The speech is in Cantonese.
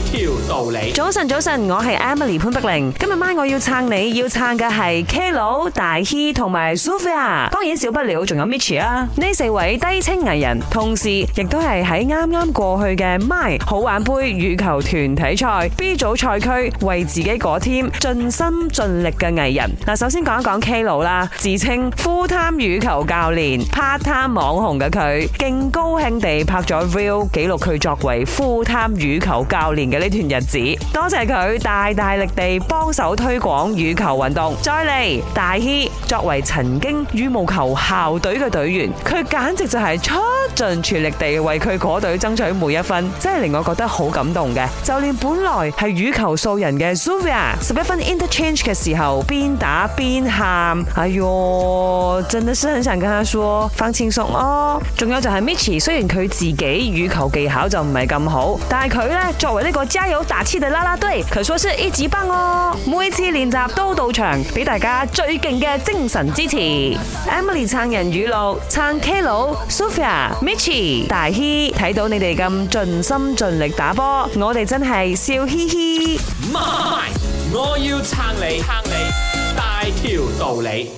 條道理。早晨，早晨，我係 Emily 潘碧玲。今日晚我要撐你，要撐嘅係 K 佬、大 He 同埋 Sophia，當然少不了仲有 Mitchy 啦。呢四位低清藝人，同時亦都係喺啱啱過去嘅 m 邁好玩杯羽球團體賽 B 組賽區為自己嗰 team 盡心盡力嘅藝人。嗱，首先講一講 K 佬啦，自稱 full time 羽球教練、part time 網紅嘅佢，勁高興地拍咗 Viu 記錄佢作為 full time 羽球教練。嘅呢段日子，多謝佢大大力地幫手推廣羽球運動。再嚟大希，作為曾經羽毛球校隊嘅隊員，佢簡直就係出盡全力地為佢隊爭取每一分，真係令我覺得好感動嘅。就連本來係羽球素人嘅 Zuvia，十一分 interchange 嘅時候，邊打邊喊：，哎喲，真的是很想跟他說放輕鬆哦！仲、哦、有就係 Mitchie 雖然佢自己羽球技巧就唔係咁好，但係佢咧作為呢、這個。個加油打氣嘅啦啦隊，可說是一級棒哦！每次練習都到場，畀大家最勁嘅精神支持 Emily 撐。Emily 撐人語錄，撐 K 佬、Sophia、Mitchy 大希，睇到你哋咁盡心盡力打波，我哋真係笑嘻嘻。我要撐你，撐你，大條道理。